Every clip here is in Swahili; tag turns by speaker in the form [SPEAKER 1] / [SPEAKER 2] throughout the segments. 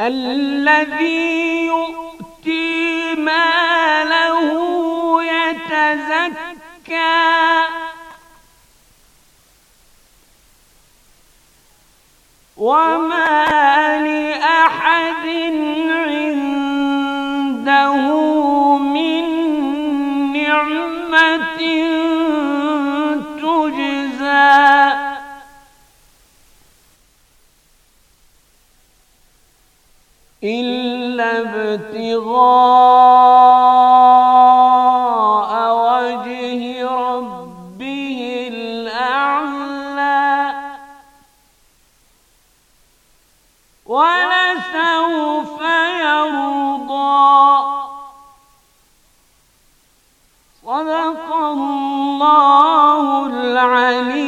[SPEAKER 1] الذي يؤتي ماله يتزكى وما لأحد ابتغاء وجه ربه الأعلى ولسوف يرضى صدق الله العليم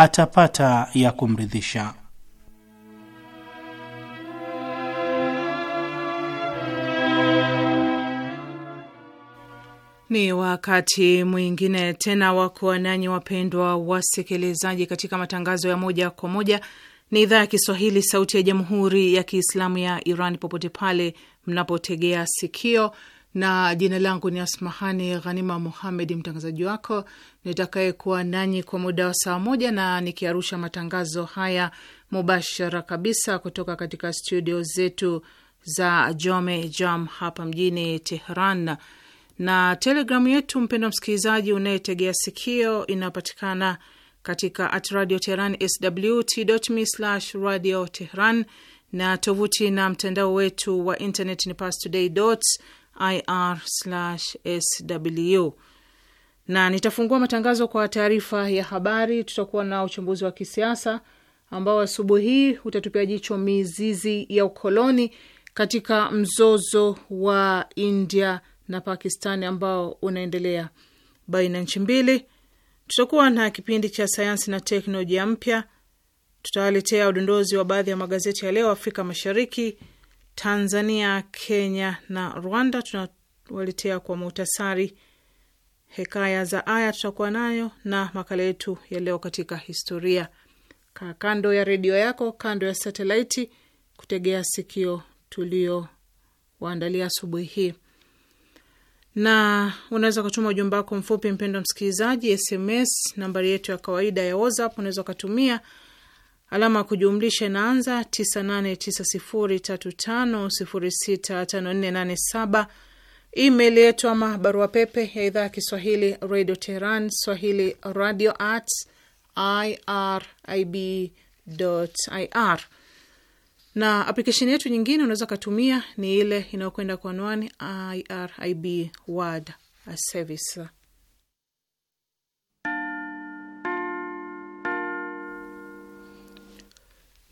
[SPEAKER 2] atapata ya kumridhisha.
[SPEAKER 3] Ni wakati mwingine tena wa kuwa nanyi wapendwa wasikilizaji, katika matangazo ya moja kwa moja ni idhaa ya Kiswahili, sauti ya jamhuri ya kiislamu ya Iran, popote pale mnapotegea sikio, na jina langu ni Asmahani Ghanima muhamedi mtangazaji wako nitakayekuwa nanyi kwa muda wa saa moja na nikiarusha matangazo haya mubashara kabisa kutoka katika studio zetu za Jome Jam hapa mjini Tehran. Na telegramu yetu mpendwa msikilizaji unayetegea sikio inapatikana katika at radio Tehran sw slash radio Tehran, na tovuti na mtandao wetu wa internet ni pastoday ir sw na nitafungua matangazo kwa taarifa ya habari. Tutakuwa na uchambuzi wa kisiasa ambao asubuhi hii utatupia jicho mizizi ya ukoloni katika mzozo wa India na Pakistani ambao unaendelea baina nchi mbili. Tutakuwa na kipindi cha sayansi na teknolojia mpya. Tutawaletea udondozi wa baadhi ya magazeti ya leo Afrika Mashariki, Tanzania, Kenya na Rwanda. Tunawaletea kwa muhtasari hekaya za aya tutakuwa nayo na makala yetu ya leo katika historia. Kaa kando ya redio yako, kando ya satelaiti, kutegea sikio tulio waandalia asubuhi hii, na unaweza ukatuma ujumbe wako mfupi, mpendwa msikilizaji, SMS nambari yetu ya kawaida ya WhatsApp. Unaweza ukatumia alama ya kujumlisha inaanza 989035065487 Email yetu ama barua pepe ya idhaa ya Kiswahili radio Teheran swahili radio at iribir na aplikesheni yetu nyingine unaweza ukatumia ni ile inayokwenda kwa anwani irib word service.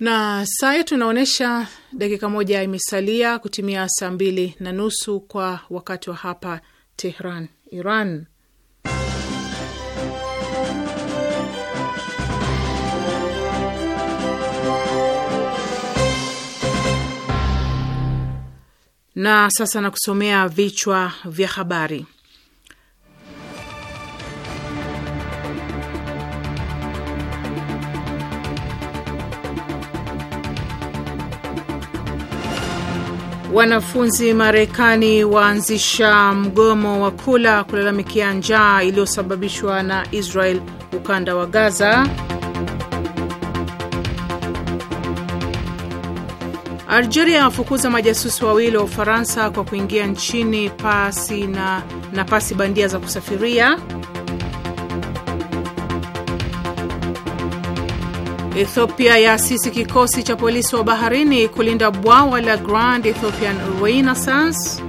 [SPEAKER 3] na saa yetu inaonyesha dakika moja imesalia kutimia saa mbili na nusu kwa wakati wa hapa Tehran, Iran. Na sasa nakusomea vichwa vya habari. Wanafunzi Marekani waanzisha mgomo wa kula kulalamikia njaa iliyosababishwa na Israel ukanda wa Gaza. Algeria wafukuza majasusi wawili wa Ufaransa kwa kuingia nchini pasi na, na pasi bandia za kusafiria. Ethiopia yaasisi kikosi cha polisi wa baharini kulinda bwawa la Grand Ethiopian Renaissance.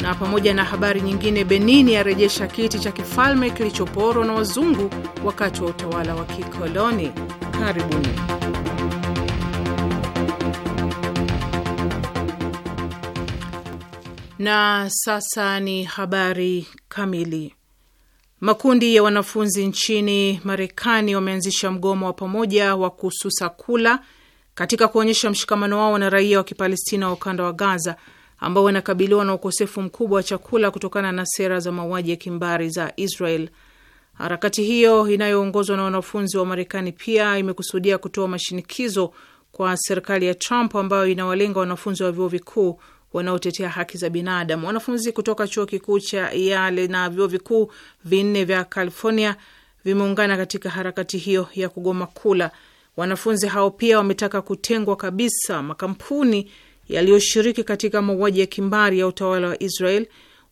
[SPEAKER 3] Na pamoja na habari nyingine, Benin yarejesha kiti cha kifalme kilichoporwa na wazungu wakati wa utawala wa kikoloni. Karibuni. Na sasa ni habari kamili. Makundi ya wanafunzi nchini Marekani wameanzisha mgomo wa pamoja wa kususa kula katika kuonyesha mshikamano wao na raia wa Kipalestina wa ukanda wa Gaza ambao wanakabiliwa na ukosefu mkubwa wa chakula kutokana na sera za mauaji ya kimbari za Israel. Harakati hiyo inayoongozwa na wanafunzi wa Marekani pia imekusudia kutoa mashinikizo kwa serikali ya Trump ambayo inawalenga wanafunzi wa vyuo vikuu wanaotetea haki za binadamu. Wanafunzi kutoka chuo kikuu cha Yale na vyuo vikuu vinne vya California vimeungana katika harakati hiyo ya kugoma kula. Wanafunzi hao pia wametaka kutengwa kabisa makampuni yaliyoshiriki katika mauaji ya kimbari ya utawala wa Israel.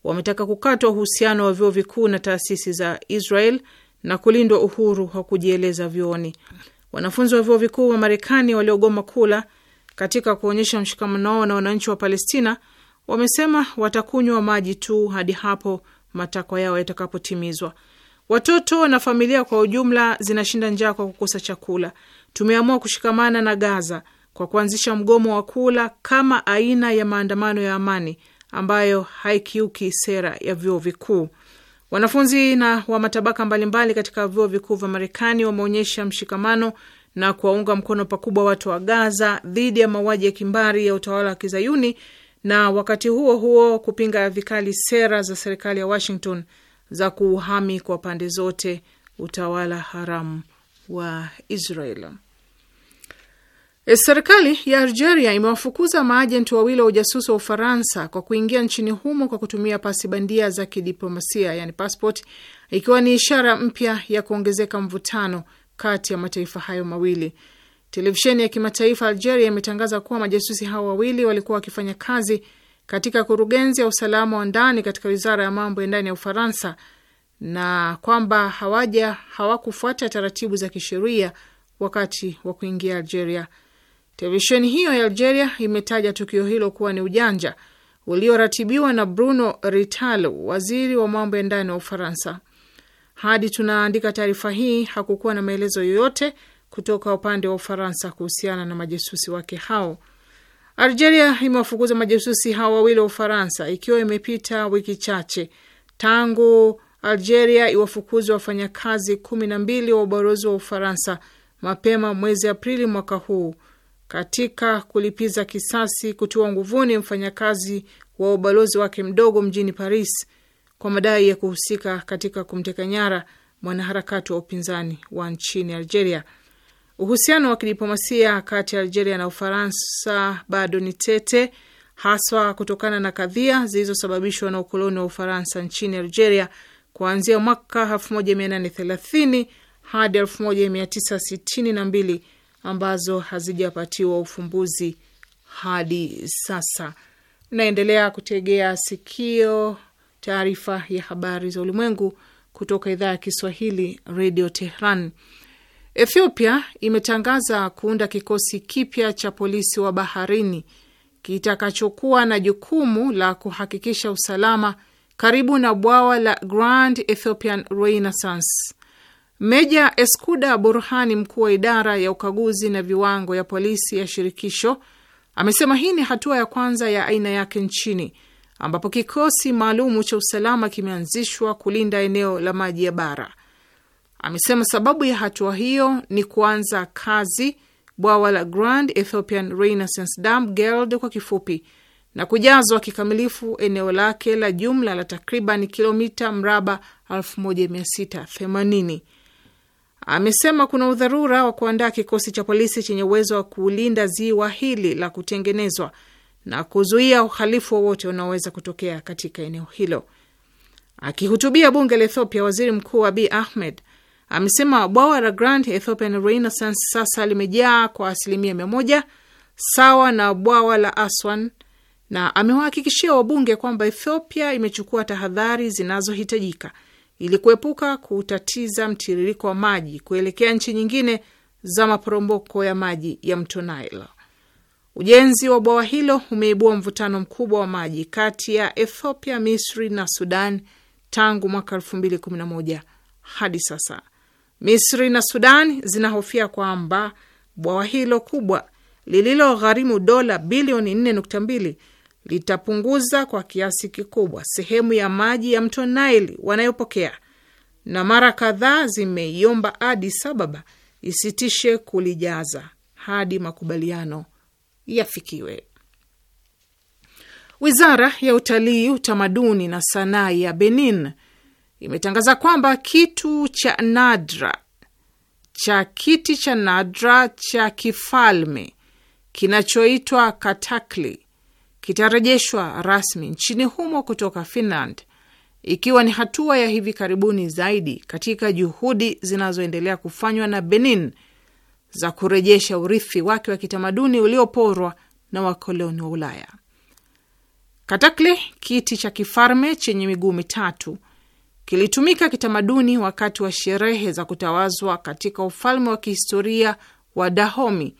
[SPEAKER 3] Wametaka kukatwa uhusiano wa vyuo vikuu na taasisi za Israel na kulindwa uhuru wa kujieleza vyuoni. Wanafunzi wa vyuo vikuu wa Marekani waliogoma kula katika kuonyesha mshikamano wao na wananchi wa Palestina, wamesema watakunywa maji tu hadi hapo matakwa yao yatakapotimizwa. Watoto na familia kwa ujumla zinashinda njaa kwa kukosa chakula. Tumeamua kushikamana na Gaza kwa kuanzisha mgomo wa kula kama aina ya maandamano ya amani ambayo haikiuki sera ya vyuo vikuu. Wanafunzi na wa matabaka mbalimbali katika vyuo vikuu vya Marekani wameonyesha mshikamano na kuwaunga mkono pakubwa watu wa Gaza dhidi ya mauaji ya kimbari ya utawala wa Kizayuni, na wakati huo huo kupinga vikali sera za serikali ya Washington za kuuhami kwa pande zote utawala haramu wa Israel. E, serikali ya Algeria imewafukuza maajenti wawili wa ujasusi wa Ufaransa kwa kuingia nchini humo kwa kutumia pasi bandia za kidiplomasia, yani passport, ikiwa ni ishara mpya ya kuongezeka mvutano kati ya mataifa hayo mawili. Televisheni ya kimataifa Algeria imetangaza kuwa majasusi hao wawili walikuwa wakifanya kazi katika kurugenzi ya usalama wa ndani katika wizara ya mambo ya ndani ya Ufaransa na kwamba hawaja hawakufuata taratibu za kisheria wakati wa kuingia Algeria. Televisheni hiyo ya Algeria imetaja tukio hilo kuwa ni ujanja ulioratibiwa na Bruno Ritalo, waziri wa mambo ya ndani wa Ufaransa. Hadi tunaandika taarifa hii, hakukuwa na maelezo yoyote kutoka upande wa Ufaransa kuhusiana na majasusi wake hao. Algeria imewafukuza majasusi hao wawili wa Ufaransa, ikiwa imepita wiki chache tangu Algeria iwafukuzi wafanyakazi kumi na mbili wa ubalozi wa Ufaransa mapema mwezi Aprili mwaka huu katika kulipiza kisasi kutiwa nguvuni mfanyakazi wa ubalozi wake mdogo mjini Paris kwa madai ya kuhusika katika kumteka nyara mwanaharakati wa upinzani wa nchini Algeria. Uhusiano wa kidiplomasia kati ya Algeria na Ufaransa bado ni tete, haswa kutokana na kadhia zilizosababishwa na ukoloni wa Ufaransa nchini Algeria kuanzia mwaka 1830 hadi 1962 ambazo hazijapatiwa ufumbuzi hadi sasa. Naendelea kutegea sikio taarifa ya habari za ulimwengu kutoka idhaa ya Kiswahili redio Tehran. Ethiopia imetangaza kuunda kikosi kipya cha polisi wa baharini kitakachokuwa na jukumu la kuhakikisha usalama karibu na bwawa la Grand Ethiopian Renaissance. Meja Eskuda Burhani, mkuu wa idara ya ukaguzi na viwango ya polisi ya shirikisho, amesema hii ni hatua ya kwanza ya aina yake nchini ambapo kikosi maalumu cha usalama kimeanzishwa kulinda eneo la maji ya bara. Amesema sababu ya hatua hiyo ni kuanza kazi bwawa la Grand Ethiopian Renaissance Dam GERD kwa kifupi, na kujazwa kikamilifu eneo lake la jumla la takriban kilomita mraba 1680. Amesema kuna udharura wa kuandaa kikosi cha polisi chenye uwezo wa kulinda ziwa hili la kutengenezwa na kuzuia uhalifu wowote unaoweza kutokea katika eneo hilo. Akihutubia bunge la Ethiopia, waziri mkuu Abiy Ahmed amesema bwawa la Grand Ethiopian Renaissance sasa limejaa kwa asilimia mia moja sawa na bwawa la Aswan, na amewahakikishia wabunge kwamba Ethiopia imechukua tahadhari zinazohitajika ili kuepuka kutatiza mtiririko wa maji kuelekea nchi nyingine za maporomboko ya maji ya mto Nile. Ujenzi wa bwawa hilo umeibua mvutano mkubwa wa maji kati ya Ethiopia, Misri na Sudan tangu mwaka moja hadi sasa. Misri na Sudan zinahofia kwamba bwawa hilo kubwa lililogharimu dola bilioni 4.2 litapunguza kwa kiasi kikubwa sehemu ya maji ya mto Nile wanayopokea, na mara kadhaa zimeiomba Addis Ababa isitishe kulijaza hadi makubaliano yafikiwe. Wizara ya Utalii, Utamaduni na Sanaa ya Benin imetangaza kwamba kitu cha nadra cha kiti cha nadra cha kifalme kinachoitwa katakli kitarejeshwa rasmi nchini humo kutoka Finland, ikiwa ni hatua ya hivi karibuni zaidi katika juhudi zinazoendelea kufanywa na Benin za kurejesha urithi wake wa kitamaduni ulioporwa na wakoloni wa Ulaya. Katakle, kiti cha kifalme chenye miguu mitatu, kilitumika kitamaduni wakati wa sherehe za kutawazwa katika ufalme wa kihistoria wa Dahomey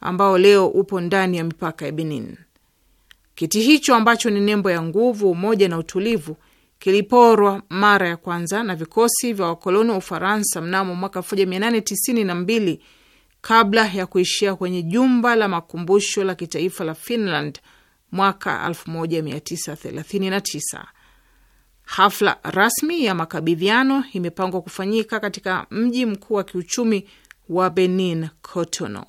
[SPEAKER 3] ambao leo upo ndani ya mipaka ya Benin. Kiti hicho ambacho ni nembo ya nguvu, umoja na utulivu kiliporwa mara ya kwanza na vikosi vya wakoloni wa Ufaransa mnamo mwaka 1892 kabla ya kuishia kwenye jumba la makumbusho la kitaifa la Finland mwaka 1939. Hafla rasmi ya makabidhiano imepangwa kufanyika katika mji mkuu wa kiuchumi wa Benin, Cotonou.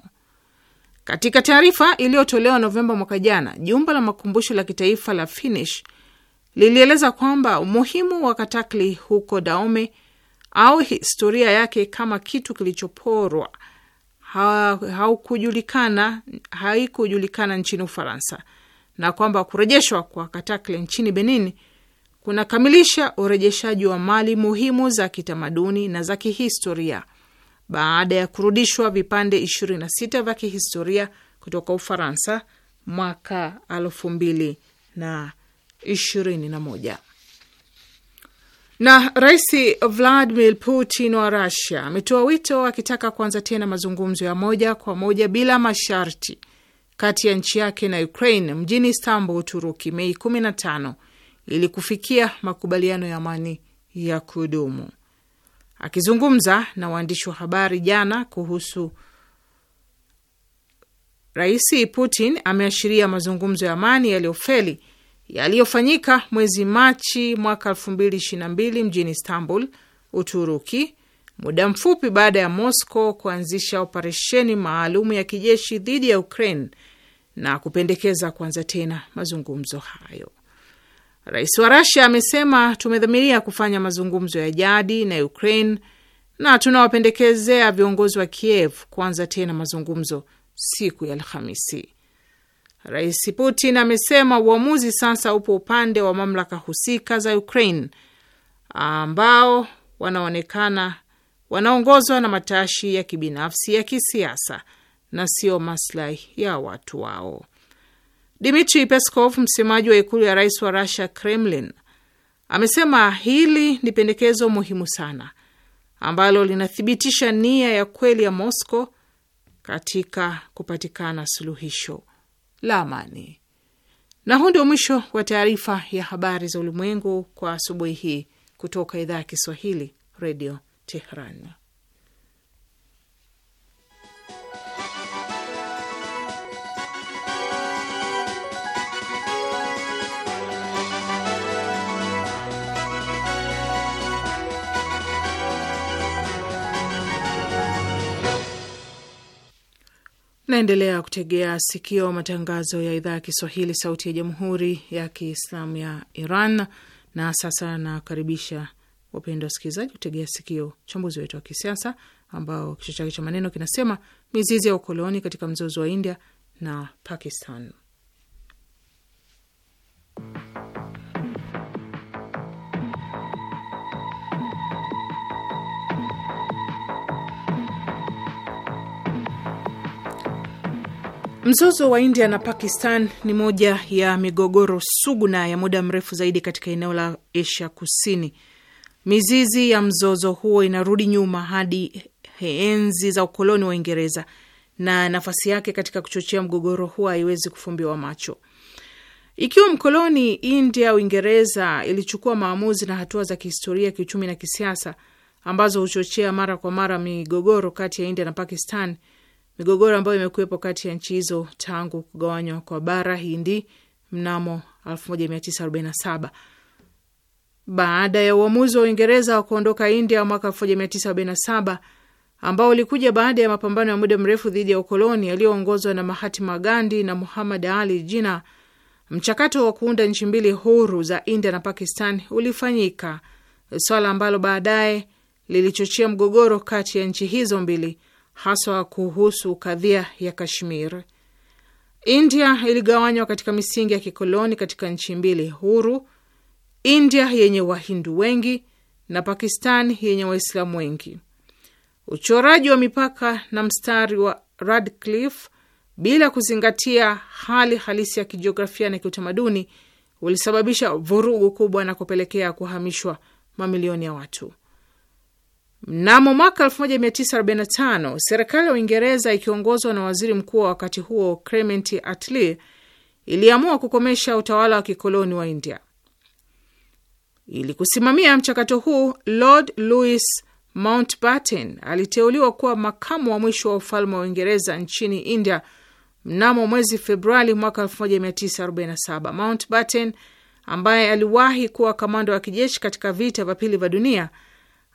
[SPEAKER 3] Katika taarifa iliyotolewa Novemba mwaka jana, jumba la makumbusho la kitaifa la Finnish lilieleza kwamba umuhimu wa katakli huko daome au historia yake kama kitu kilichoporwa haukujulikana haikujulikana nchini Ufaransa na kwamba kurejeshwa kwa Katakle nchini Benin kunakamilisha urejeshaji wa mali muhimu za kitamaduni na za kihistoria baada ya kurudishwa vipande 26 vya kihistoria kutoka Ufaransa mwaka 2021. Na Rais Vladimir Putin wa rusia ametoa wito akitaka kuanza tena mazungumzo ya moja kwa moja bila masharti kati ya nchi yake na Ukraine mjini Istanbul, Uturuki, Mei 15 ili kufikia makubaliano ya amani ya kudumu. Akizungumza na waandishi wa habari jana kuhusu Rais Putin ameashiria mazungumzo ya amani yaliyofeli yaliyofanyika mwezi Machi mwaka 2022 mjini Istanbul, Uturuki, muda mfupi baada ya Moscow kuanzisha operesheni maalum ya kijeshi dhidi ya Ukraine na kupendekeza kuanza tena mazungumzo hayo. Rais wa Rasia amesema tumedhamiria kufanya mazungumzo ya jadi na Ukraine na tunawapendekezea viongozi wa Kiev kuanza tena mazungumzo siku ya Alhamisi. Rais Putin amesema uamuzi sasa upo upande wa mamlaka husika za Ukraine ambao wanaonekana wanaongozwa na matashi ya kibinafsi ya kisiasa na sio maslahi ya watu wao. Dmitri Peskov, msemaji wa ikulu ya rais wa rusia Kremlin, amesema hili ni pendekezo muhimu sana ambalo linathibitisha nia ya kweli ya Moscow katika kupatikana suluhisho la amani. Na huu ndio mwisho wa taarifa ya habari za ulimwengu kwa asubuhi hii kutoka idhaa ya Kiswahili, Redio Tehran. Naendelea kutegea sikio matangazo ya idhaa ya Kiswahili, sauti ya jamhuri ya kiislamu ya Iran. Na sasa nakaribisha wapendwa wasikilizaji kutegea sikio uchambuzi wetu wa kisiasa ambao kichwa chake cha maneno kinasema mizizi ya ukoloni katika mzozo wa India na Pakistan. Mzozo wa India na Pakistan ni moja ya migogoro sugu na ya muda mrefu zaidi katika eneo la Asia Kusini. Mizizi ya mzozo huo inarudi nyuma hadi enzi za ukoloni wa Uingereza, na nafasi yake katika kuchochea mgogoro huo haiwezi kufumbiwa macho. Ikiwa mkoloni India Uingereza ilichukua maamuzi na hatua za kihistoria, kiuchumi na kisiasa ambazo huchochea mara kwa mara migogoro kati ya India na Pakistan migogoro ambayo imekuwepo kati ya nchi hizo tangu kugawanywa kwa bara Hindi mnamo 1947. Baada ya uamuzi wa Uingereza wa kuondoka India mwaka 1947 ambao ulikuja baada ya mapambano ya muda mrefu dhidi ya ukoloni yaliyoongozwa na Mahatma Gandhi na Muhammad Ali Jinnah, mchakato wa kuunda nchi mbili huru za India na Pakistan ulifanyika, swala ambalo baadaye lilichochea mgogoro kati ya nchi hizo mbili haswa kuhusu kadhia ya Kashmir. India iligawanywa katika misingi ya kikoloni katika nchi mbili huru, India yenye Wahindu wengi na Pakistan yenye Waislamu wengi. Uchoraji wa mipaka na mstari wa Radcliffe bila kuzingatia hali halisi ya kijiografia na kiutamaduni ulisababisha vurugu kubwa na kupelekea kuhamishwa mamilioni ya watu. Mnamo mwaka 1945 serikali ya Uingereza ikiongozwa na waziri mkuu wa wakati huo Clement Attlee iliamua kukomesha utawala wa kikoloni wa India. Ili kusimamia mchakato huu, Lord Louis Mountbatten aliteuliwa kuwa makamu wa mwisho wa ufalme wa Uingereza nchini India mnamo mwezi Februari mwaka 1947. Mountbatten ambaye aliwahi kuwa kamanda wa kijeshi katika vita vya pili vya dunia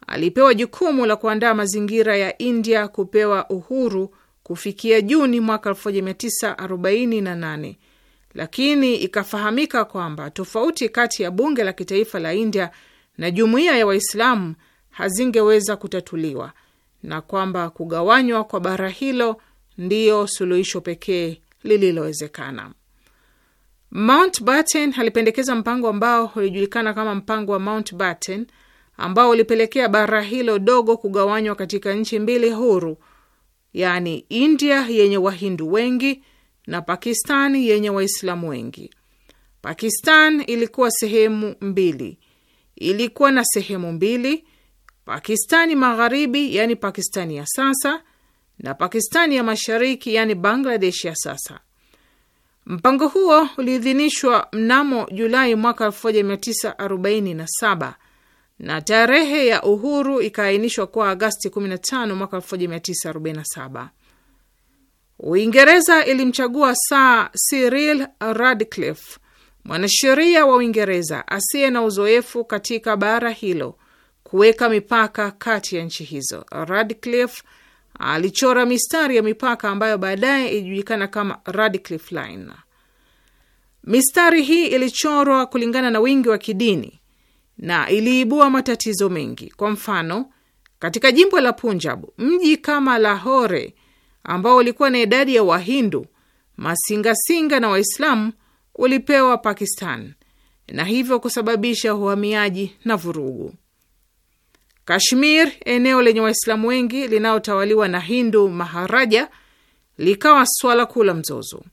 [SPEAKER 3] alipewa jukumu la kuandaa mazingira ya India kupewa uhuru kufikia Juni mwaka 1948, lakini ikafahamika kwamba tofauti kati ya bunge la kitaifa la India na jumuiya ya Waislamu hazingeweza kutatuliwa na kwamba kugawanywa kwa bara hilo ndiyo suluhisho pekee lililowezekana. Mountbatten alipendekeza mpango ambao ulijulikana kama mpango wa Mountbatten ambao ulipelekea bara hilo dogo kugawanywa katika nchi mbili huru, yaani India yenye Wahindu wengi na Pakistan yenye Waislamu wengi. Pakistan ilikuwa sehemu mbili, ilikuwa na sehemu mbili: Pakistani Magharibi, yaani Pakistani ya sasa, na Pakistani ya Mashariki, yaani Bangladesh ya sasa. Mpango huo uliidhinishwa mnamo Julai mwaka 1947 na tarehe ya uhuru ikaainishwa kuwa Agasti 15 mwaka 1947. Uingereza ilimchagua Sir Cyril Radcliffe, mwanasheria wa Uingereza asiye na uzoefu katika bara hilo, kuweka mipaka kati ya nchi hizo. Radcliffe alichora mistari ya mipaka ambayo baadaye ilijulikana kama Radcliffe Line. Mistari hii ilichorwa kulingana na wingi wa kidini na iliibua matatizo mengi. Kwa mfano, katika jimbo la Punjab, mji kama Lahore ambao ulikuwa na idadi ya Wahindu, masingasinga na Waislamu ulipewa Pakistan na hivyo kusababisha uhamiaji na vurugu. Kashmir, eneo lenye Waislamu wengi linalotawaliwa na Hindu Maharaja, likawa swala kuu la mzozo.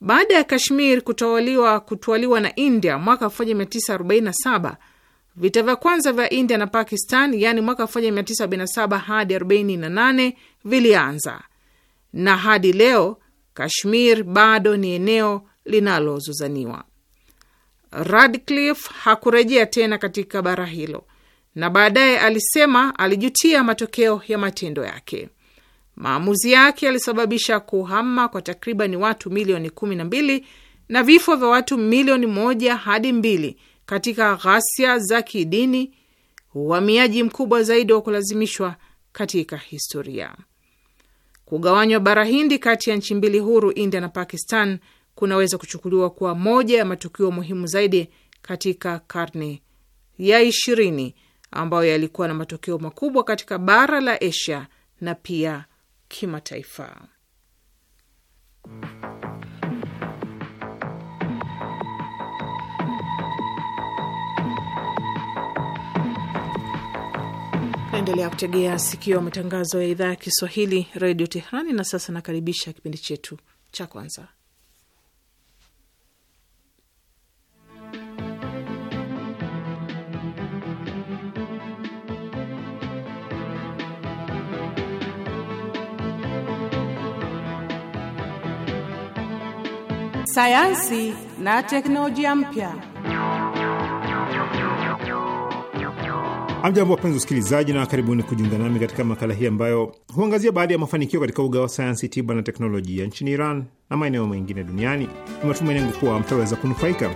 [SPEAKER 3] Baada ya Kashmir kutawaliwa kutwaliwa na India mwaka 1947, vita vya kwanza vya India na Pakistan, yaani mwaka 1947 hadi 48 vilianza, na hadi leo Kashmir bado ni eneo linalozozaniwa. Radcliffe hakurejea tena katika bara hilo, na baadaye alisema alijutia matokeo ya matendo yake. Maamuzi yake yalisababisha kuhama kwa takribani watu milioni kumi na mbili na vifo vya watu milioni moja hadi mbili katika ghasia za kidini, uhamiaji mkubwa zaidi wa kulazimishwa katika historia. Kugawanywa bara Hindi kati ya nchi mbili huru, India na Pakistan, kunaweza kuchukuliwa kuwa moja ya matukio muhimu zaidi katika karne ya ishirini ambayo yalikuwa na matokeo makubwa katika bara la Asia na pia kimataifa. Naendelea kutegea sikio matangazo ya idhaa ya Kiswahili, redio Tehrani. Na sasa nakaribisha kipindi chetu cha kwanza sayansi na teknolojia mpya.
[SPEAKER 4] Amjambo, wapenzi usikilizaji, na karibuni kujiunga nami katika makala hii ambayo huangazia baadhi ya mafanikio katika uga wa sayansi, tiba na teknolojia nchini Iran na maeneo mengine duniani. Ni matumaini yangu kuwa mtaweza kunufaika.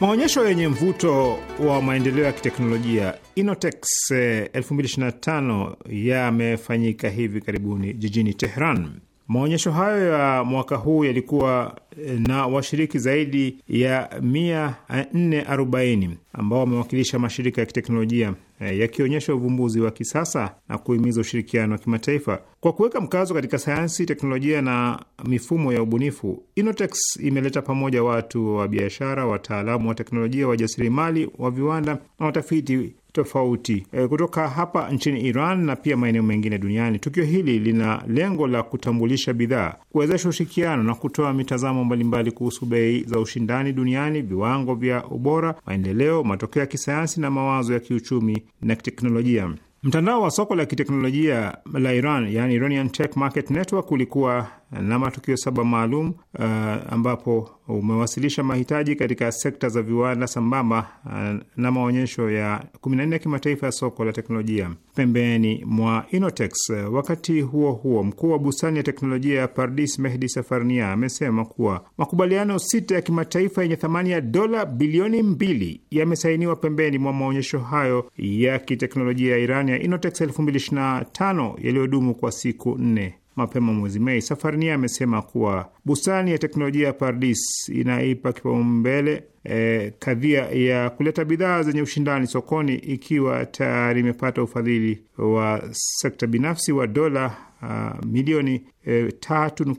[SPEAKER 4] Maonyesho yenye mvuto wa maendeleo ya kiteknolojia Inotex 2025 eh, yamefanyika hivi karibuni jijini Tehran. Maonyesho hayo ya mwaka huu yalikuwa eh, na washiriki zaidi ya 440 ambao wamewakilisha mashirika ya kiteknolojia Eh, yakionyesha uvumbuzi wa kisasa na kuhimiza ushirikiano wa kimataifa kwa kuweka mkazo katika sayansi, teknolojia na mifumo ya ubunifu. Innotex imeleta pamoja watu wa biashara, wataalamu wa teknolojia, wajasiriamali wa viwanda na watafiti tofauti e, kutoka hapa nchini Iran na pia maeneo mengine duniani. Tukio hili lina lengo la kutambulisha bidhaa, kuwezesha ushirikiano na kutoa mitazamo mbalimbali kuhusu bei za ushindani duniani, viwango vya ubora, maendeleo, matokeo ya kisayansi na mawazo ya kiuchumi na kiteknolojia. Mtandao wa soko la kiteknolojia la Iran yani Iranian Tech Market Network ulikuwa na matukio saba maalum uh, ambapo umewasilisha mahitaji katika sekta za viwanda sambamba uh, na maonyesho ya 14 ya kimataifa ya soko la teknolojia pembeni mwa Inotex. Uh, wakati huo huo, mkuu wa bustani ya teknolojia ya Pardis Mehdi Safarnia amesema kuwa makubaliano sita ya kimataifa yenye thamani ya dola bilioni mbili yamesainiwa pembeni mwa maonyesho hayo ya kiteknolojia ya Iran ya Inotex 2025 yaliyodumu kwa siku nne mapema mwezi Mei. Safarnia amesema kuwa bustani ya teknolojia ya Pardis inaipa kipaumbele e, kadhia ya kuleta bidhaa zenye ushindani sokoni, ikiwa tayari imepata ufadhili wa sekta binafsi wa dola Uh, milioni eh, tatu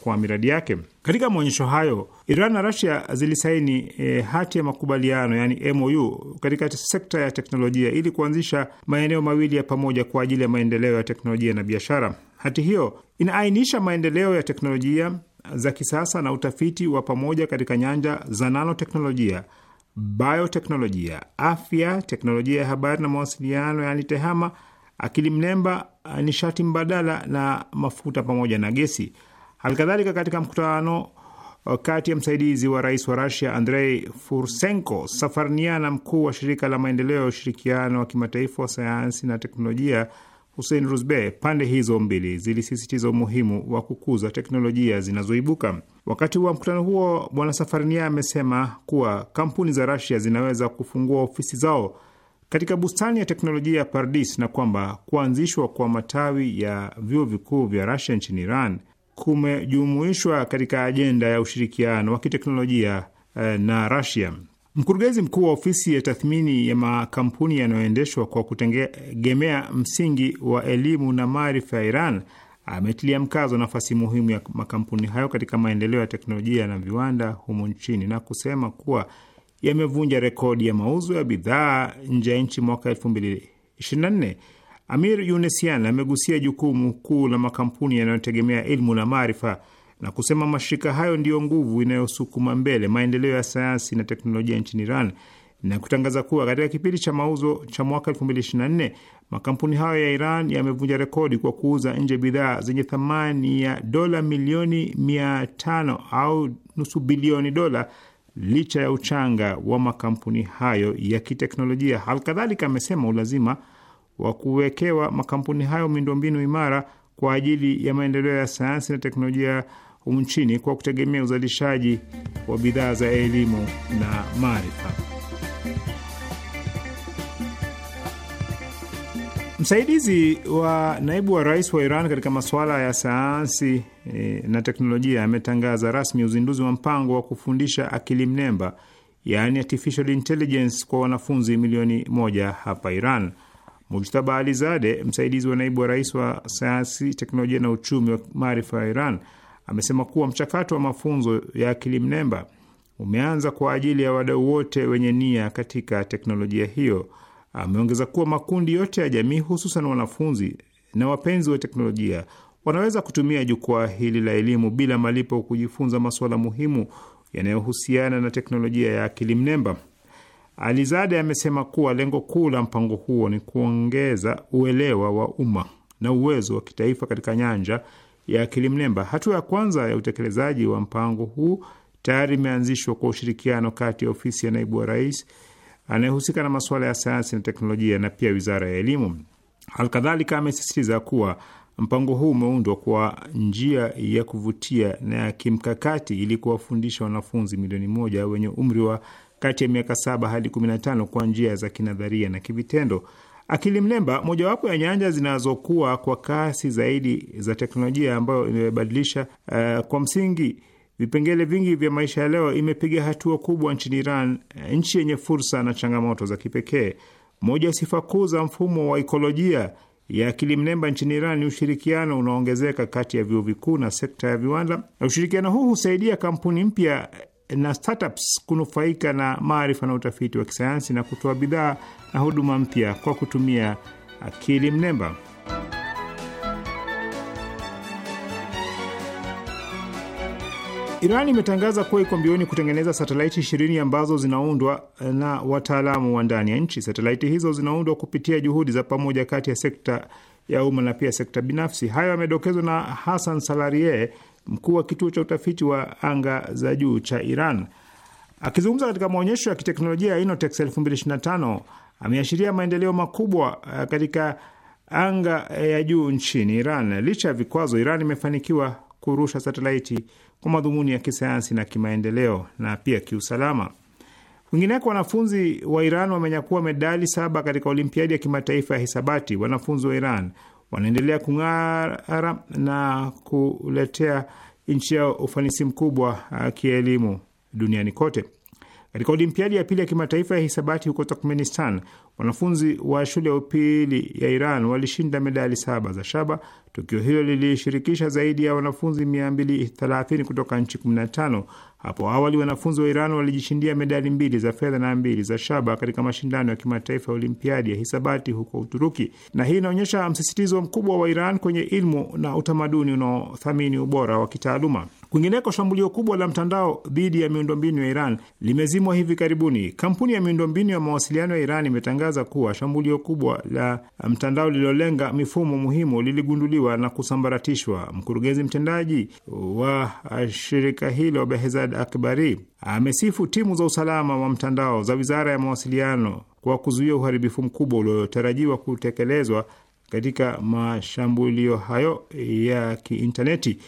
[SPEAKER 4] kwa miradi yake. Katika maonyesho hayo Iran na rasia zilisaini eh, hati ya makubaliano yani MOU katika sekta ya teknolojia ili kuanzisha maeneo mawili ya pamoja kwa ajili ya maendeleo ya teknolojia na biashara. Hati hiyo inaainisha maendeleo ya teknolojia za kisasa na utafiti wa pamoja katika nyanja za nanoteknolojia, bioteknolojia, afya, teknolojia ya habari na mawasiliano, yaani TEHAMA, akili mnemba, nishati mbadala na mafuta pamoja na gesi. Halikadhalika, katika mkutano uh, kati ya msaidizi wa rais wa Rusia Andrei Fursenko Safarnia na mkuu wa shirika la maendeleo ya ushirikiano wa kimataifa wa sayansi na teknolojia Hussein Rusbe, pande hizo mbili zilisisitiza umuhimu wa kukuza teknolojia zinazoibuka. Wakati wa mkutano huo, Bwana Safarinia amesema kuwa kampuni za Rasia zinaweza kufungua ofisi zao katika bustani ya teknolojia ya Pardis na kwamba kuanzishwa kwa matawi ya vyuo vikuu vya Rasia nchini Iran kumejumuishwa katika ajenda ya ushirikiano wa kiteknolojia eh, na Rasia. Mkurugenzi mkuu wa ofisi ya tathmini ya makampuni yanayoendeshwa kwa kutegemea msingi wa elimu na maarifa ya Iran ametilia mkazo nafasi muhimu ya makampuni hayo katika maendeleo ya teknolojia na viwanda humu nchini na kusema kuwa yamevunja rekodi ya mauzo ya bidhaa nje ya nchi mwaka 2024. Amir unesian amegusia jukumu kuu la makampuni yanayotegemea elimu na maarifa na kusema mashirika hayo ndiyo nguvu inayosukuma mbele maendeleo ya sayansi na teknolojia nchini Iran na kutangaza kuwa katika kipindi cha mauzo cha mwaka 2024 makampuni hayo ya Iran yamevunja rekodi kwa kuuza nje bidhaa zenye thamani ya dola milioni 500 au nusu bilioni dola licha ya uchanga wa makampuni hayo ya kiteknolojia. Halikadhalika amesema ulazima wa kuwekewa makampuni hayo miundombinu imara kwa ajili ya maendeleo ya sayansi na teknolojia humu nchini kwa kutegemea uzalishaji wa bidhaa za elimu na maarifa. Msaidizi wa naibu wa rais wa Iran katika masuala ya sayansi e, na teknolojia ametangaza rasmi uzinduzi wa mpango wa kufundisha akili mnemba, yaani artificial intelligence, kwa wanafunzi milioni moja hapa Iran. Mujtaba Alizade, msaidizi wa naibu wa rais wa sayansi, teknolojia na uchumi wa maarifa ya Iran, amesema kuwa mchakato wa mafunzo ya akili mnemba umeanza kwa ajili ya wadau wote wenye nia katika teknolojia hiyo. Ameongeza kuwa makundi yote ya jamii, hususan wanafunzi na wapenzi wa teknolojia, wanaweza kutumia jukwaa hili la elimu bila malipo kujifunza masuala muhimu yanayohusiana na teknolojia ya akili mnemba. Alizade amesema kuwa lengo kuu la mpango huo ni kuongeza uelewa wa umma na uwezo wa kitaifa katika nyanja ya akili mnemba. Hatua ya kwanza ya utekelezaji wa mpango huu tayari imeanzishwa kwa ushirikiano kati ya ofisi ya naibu wa rais anayehusika na masuala ya sayansi na teknolojia na pia wizara ya elimu. Alkadhalika, amesisitiza kuwa mpango huu umeundwa kwa njia ya kuvutia na ya kimkakati ili kuwafundisha wanafunzi milioni moja wenye umri wa kati ya miaka saba hadi kumi na tano kwa njia za kinadharia na kivitendo. Akili mnemba, mojawapo ya nyanja zinazokuwa kwa kasi zaidi za teknolojia ambayo imebadilisha uh, kwa msingi vipengele vingi vya maisha ya leo, imepiga hatua kubwa nchini Iran, eh, nchi yenye fursa na changamoto za kipekee. Moja ya sifa kuu za mfumo wa ikolojia ya akili mnemba nchini Iran ni ushirikiano unaoongezeka kati ya vyuo vikuu na sekta ya viwanda. Ushirikiano huu husaidia kampuni mpya na startups kunufaika na maarifa na utafiti wa kisayansi na kutoa bidhaa na huduma mpya kwa kutumia akili mnemba. Iran imetangaza kuwa iko mbioni kutengeneza satelaiti ishirini ambazo zinaundwa na wataalamu wa ndani ya nchi. Satelaiti hizo zinaundwa kupitia juhudi za pamoja kati ya sekta ya umma na pia sekta binafsi. Hayo yamedokezwa na Hassan Salarie, mkuu wa kituo cha utafiti wa anga za juu cha Iran. Akizungumza katika maonyesho ya kiteknolojia ya Inotex 2025 ameashiria maendeleo makubwa eh, katika anga eh, ya juu nchini Iran. Licha ya vikwazo, Iran imefanikiwa kurusha satelaiti kwa madhumuni ya kisayansi na kimaendeleo na pia kiusalama. Kwingineko, wanafunzi wa Iran wamenyakua medali saba katika olimpiadi ya kimataifa ya hisabati. Wanafunzi wa Iran wanaendelea kung'ara na kuletea nchi yao ufanisi mkubwa uh, kielimu duniani kote. Katika olimpiadi ya pili ya kimataifa ya hisabati huko Turkmenistan, wanafunzi wa shule ya upili ya Iran walishinda medali saba za shaba. Tukio hilo lilishirikisha zaidi ya wanafunzi 230 kutoka nchi 15. Hapo awali wanafunzi wa Iran walijishindia medali mbili za fedha na mbili za shaba katika mashindano ya kimataifa ya Olimpiadi ya hisabati huko Uturuki, na hii inaonyesha msisitizo mkubwa wa Iran kwenye ilmu na utamaduni unaothamini ubora wa kitaaluma. Kwingineko, shambulio kubwa la mtandao dhidi ya miundombinu ya Iran limezimwa hivi karibuni. Kampuni ya miundombinu ya mawasiliano ya Iran imetangaza kuwa shambulio kubwa la mtandao lililolenga mifumo muhimu liligunduliwa na kusambaratishwa. Mkurugenzi mtendaji wa shirika hilo Behzad Akbari amesifu timu za usalama wa mtandao za wizara ya mawasiliano kwa kuzuia uharibifu mkubwa uliotarajiwa kutekelezwa katika mashambulio hayo ya kiintaneti.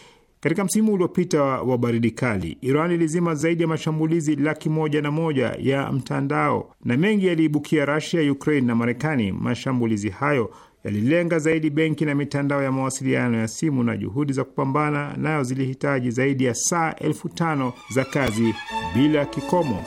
[SPEAKER 4] Katika msimu uliopita wa baridi kali, Iran ilizima zaidi ya mashambulizi laki moja na moja ya mtandao na mengi yaliibukia Rasia, Ukraine na Marekani. Mashambulizi hayo yalilenga zaidi benki na mitandao ya mawasiliano ya simu, na juhudi za kupambana nayo zilihitaji zaidi ya saa elfu tano za kazi bila kikomo.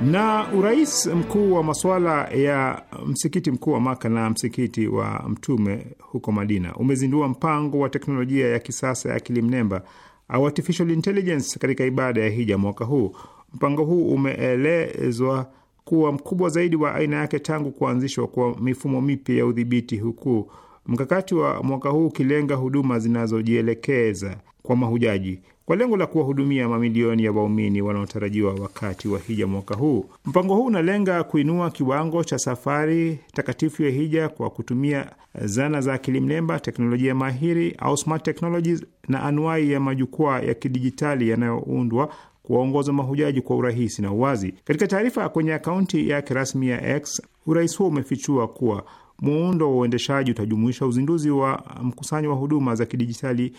[SPEAKER 4] na urais mkuu wa masuala ya msikiti mkuu wa Maka na msikiti wa Mtume huko Madina umezindua mpango wa teknolojia ya kisasa ya akili mnemba au artificial intelligence katika ibada ya hija mwaka huu. Mpango huu umeelezwa kuwa mkubwa zaidi wa aina yake tangu kuanzishwa kwa mifumo mipya ya udhibiti, huku mkakati wa mwaka huu ukilenga huduma zinazojielekeza kwa mahujaji kwa lengo la kuwahudumia mamilioni ya waumini wanaotarajiwa wakati wa hija mwaka huu. Mpango huu unalenga kuinua kiwango cha safari takatifu ya hija kwa kutumia zana za akili mlemba teknolojia mahiri au smart technologies na anuai ya majukwaa ya kidijitali yanayoundwa kuwaongoza mahujaji kwa urahisi na uwazi. Katika taarifa kwenye akaunti yake rasmi ya X, urais huo umefichua kuwa muundo wa uendeshaji utajumuisha uzinduzi wa mkusanyo wa huduma za kidijitali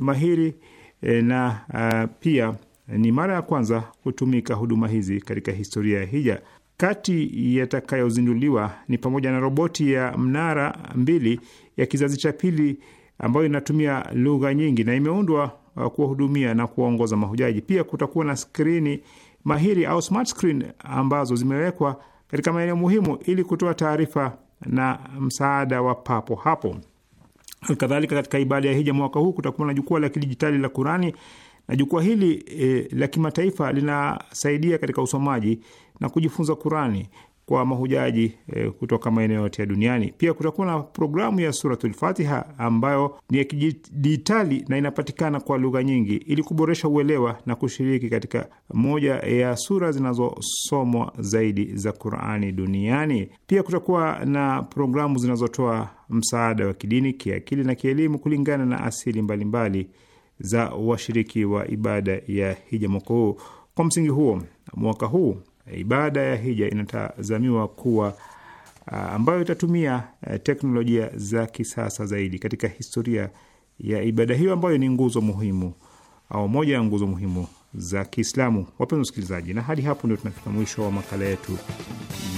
[SPEAKER 4] mahiri E, na uh, pia ni mara ya kwanza kutumika huduma hizi katika historia ya hija. Kati yatakayozinduliwa ni pamoja na roboti ya mnara mbili ya kizazi cha pili ambayo inatumia lugha nyingi na imeundwa kuwahudumia na kuwaongoza mahujaji. Pia kutakuwa na skrini mahiri au smart screen ambazo zimewekwa katika maeneo muhimu ili kutoa taarifa na msaada wa papo hapo. Alkadhalika, katika ibada ya hija mwaka huu kutakuwa na jukwaa la kidijitali la Kurani na jukwaa hili e, la kimataifa linasaidia katika usomaji na kujifunza Kurani kwa mahujaji e, kutoka maeneo yote ya duniani. Pia kutakuwa na programu ya Suratul Fatiha ambayo ni ya kidijitali na inapatikana kwa lugha nyingi ili kuboresha uelewa na kushiriki katika moja ya sura zinazosomwa zaidi za Qurani duniani. Pia kutakuwa na programu zinazotoa msaada wa kidini, kiakili na kielimu kulingana na asili mbalimbali mbali za washiriki wa ibada ya hija mwaka huu. Kwa msingi huo mwaka huu ibada ya hija inatazamiwa kuwa ah, ambayo itatumia eh, teknolojia za kisasa zaidi katika historia ya ibada hiyo ambayo ni nguzo muhimu au moja ya nguzo muhimu za Kiislamu. Wapenzi wasikilizaji, na hadi hapo ndio tunafika mwisho wa makala yetu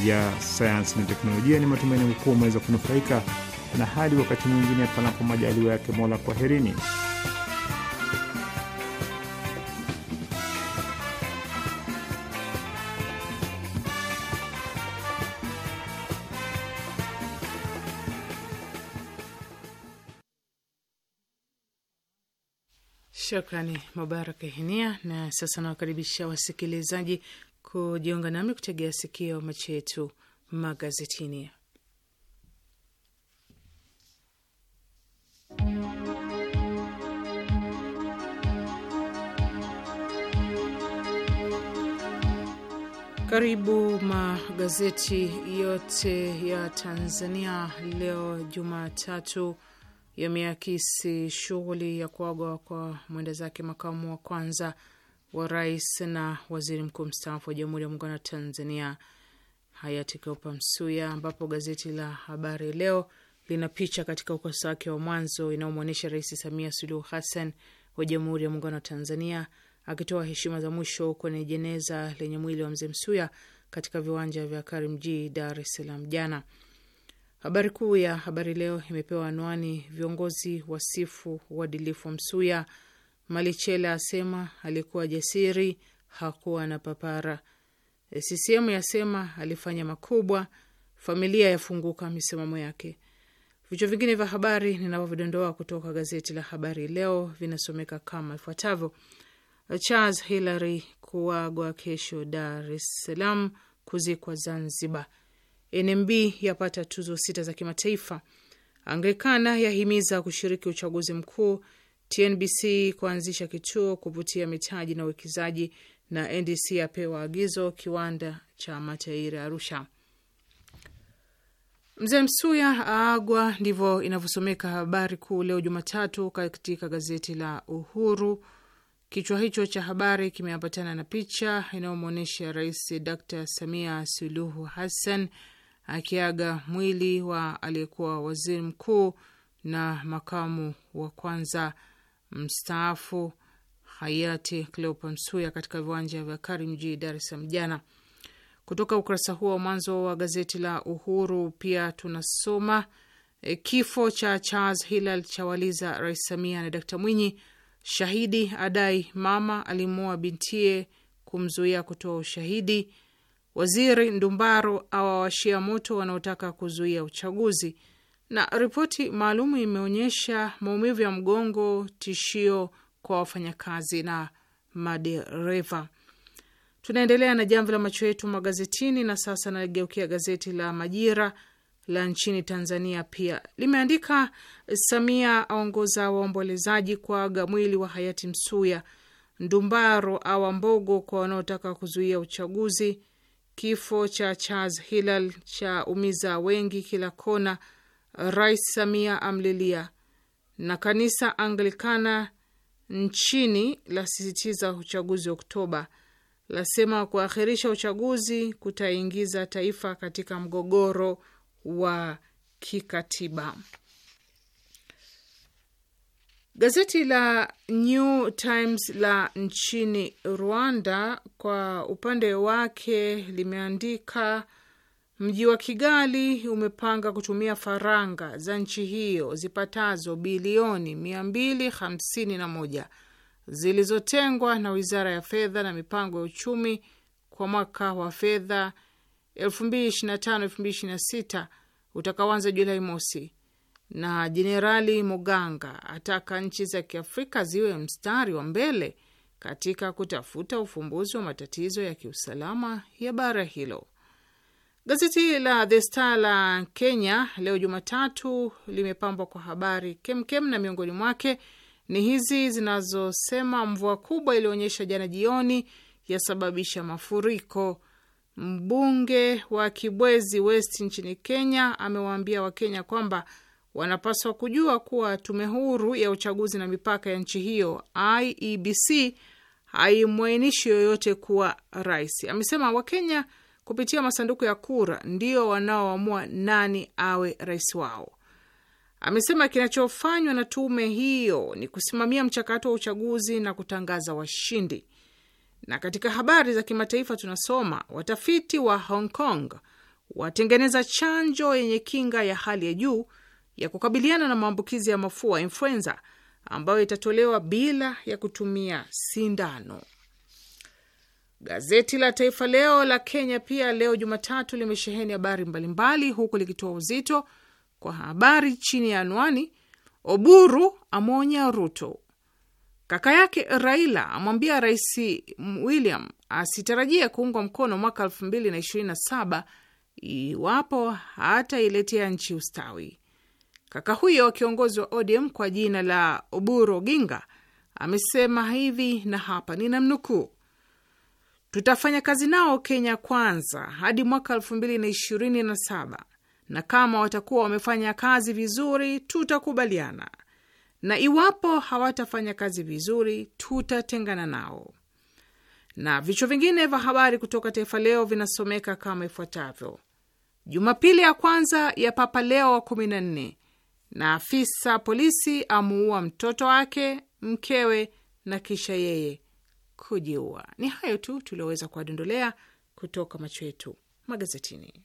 [SPEAKER 4] ya sayansi na teknolojia. Ni matumaini yangu kuwa umeweza kunufaika, na hadi wakati mwingine, panapo majaliwa yake Mola, kwaherini.
[SPEAKER 3] Shukrani Mubarak Hinia. Na sasa nawakaribisha wasikilizaji kujiunga nami kutegea sikio macho yetu magazetini. Karibu magazeti yote ya Tanzania leo Jumatatu yameakisi shughuli ya kuagwa kwa mwenda zake makamu wa kwanza wa rais na waziri mkuu mstaafu wa Jamhuri ya Muungano wa Tanzania hayati Cleopa Msuya, ambapo gazeti la Habari Leo lina picha katika ukurasa wake wa mwanzo inayomwonyesha Rais Samia Suluhu Hassan wa Jamhuri ya Muungano wa Tanzania akitoa heshima za mwisho kwenye jeneza lenye mwili wa mzee Msuya katika viwanja vya Karimjee, Dar es Salaam jana. Habari kuu ya Habari Leo imepewa anwani viongozi wasifu uadilifu Msuya. Malichela asema alikuwa jasiri, hakuwa na papara. E, CCM yasema alifanya makubwa. Familia yafunguka misimamo yake. Vichwa vingine vya habari ninavyovidondoa kutoka gazeti la Habari Leo vinasomeka kama ifuatavyo: Charles hilary kuagwa kesho Dar es Salaam, kuzikwa Zanzibar. NMB yapata tuzo sita za kimataifa. Anglikana yahimiza kushiriki uchaguzi mkuu. TNBC kuanzisha kituo kuvutia mitaji na uwekezaji, na NDC yapewa agizo kiwanda cha matairi Arusha. Mzee Msuya aagwa, ndivyo inavyosomeka habari kuu leo Jumatatu katika gazeti la Uhuru. Kichwa hicho cha habari kimeambatana na picha inayomwonyesha Rais Dr Samia Suluhu Hassan akiaga mwili wa aliyekuwa waziri mkuu na makamu wa kwanza mstaafu hayati Cleopa Msuya katika viwanja vya Karimjee, Dar es Salaam jana. Kutoka ukurasa huo wa mwanzo wa gazeti la Uhuru pia tunasoma e, kifo cha Charles Hilal chawaliza Rais Samia na Dkt Mwinyi. Shahidi adai mama alimuua bintie kumzuia kutoa ushahidi. Waziri Ndumbaro awawashia moto wanaotaka kuzuia uchaguzi, na ripoti maalum imeonyesha maumivu ya mgongo tishio kwa wafanyakazi na madereva. Tunaendelea na jamvi la macho yetu magazetini, na sasa nageukia gazeti la Majira la nchini Tanzania. Pia limeandika Samia aongoza waombolezaji kuaga mwili wa hayati Msuya. Ndumbaro awa mbogo kwa wanaotaka kuzuia uchaguzi. Kifo cha Charles Hilal cha umiza wengi kila kona. Rais Samia amlilia, na kanisa Anglikana nchini lasisitiza uchaguzi Oktoba, lasema kuakhirisha uchaguzi kutaingiza taifa katika mgogoro wa kikatiba. Gazeti la New Times la nchini Rwanda kwa upande wake limeandika mji wa Kigali umepanga kutumia faranga za nchi hiyo zipatazo bilioni 251 zilizotengwa na Wizara ya Fedha na Mipango ya Uchumi kwa mwaka wa fedha 2025/2026 utakaoanza Julai mosi na Jenerali Muganga ataka nchi za Kiafrika ziwe mstari wa mbele katika kutafuta ufumbuzi wa matatizo ya kiusalama ya bara hilo. Gazeti la The Star la Kenya leo Jumatatu limepambwa kwa habari kemkem, na miongoni mwake ni hizi zinazosema mvua kubwa ilionyesha jana jioni yasababisha mafuriko. Mbunge wa Kibwezi West nchini Kenya amewaambia Wakenya kwamba wanapaswa kujua kuwa tume huru ya uchaguzi na mipaka ya nchi hiyo IEBC haimwainishi yoyote kuwa rais. Amesema Wakenya kupitia masanduku ya kura ndio wanaoamua nani awe rais wao. Amesema kinachofanywa na tume hiyo ni kusimamia mchakato wa uchaguzi na kutangaza washindi. Na katika habari za kimataifa tunasoma watafiti wa Hong Kong watengeneza chanjo yenye kinga ya hali ya juu ya kukabiliana na maambukizi ya mafua influenza ambayo itatolewa bila ya kutumia sindano. Gazeti la Taifa Leo la Kenya pia leo Jumatatu limesheheni habari mbalimbali, huku likitoa uzito kwa habari chini ya anwani Oburu amwonya Ruto, kaka yake Raila amwambia Rais William asitarajie kuungwa mkono mwaka 227 iwapo hatailetea nchi ustawi. Kaka huyo kiongozi wa ODM kwa jina la Oburu Oginga amesema hivi, na hapa namnukuu: tutafanya kazi nao Kenya kwanza hadi mwaka elfu mbili na ishirini na saba na kama watakuwa wamefanya kazi vizuri tutakubaliana, na iwapo hawatafanya kazi vizuri tutatengana nao. Na vichwa vingine vya habari kutoka Taifa Leo vinasomeka kama ifuatavyo: Jumapili ya kwanza ya Papa Leo wa nne na afisa polisi amuua mtoto wake, mkewe na kisha yeye kujiua. Ni hayo tu tulioweza kuwadondolea kutoka macho yetu magazetini.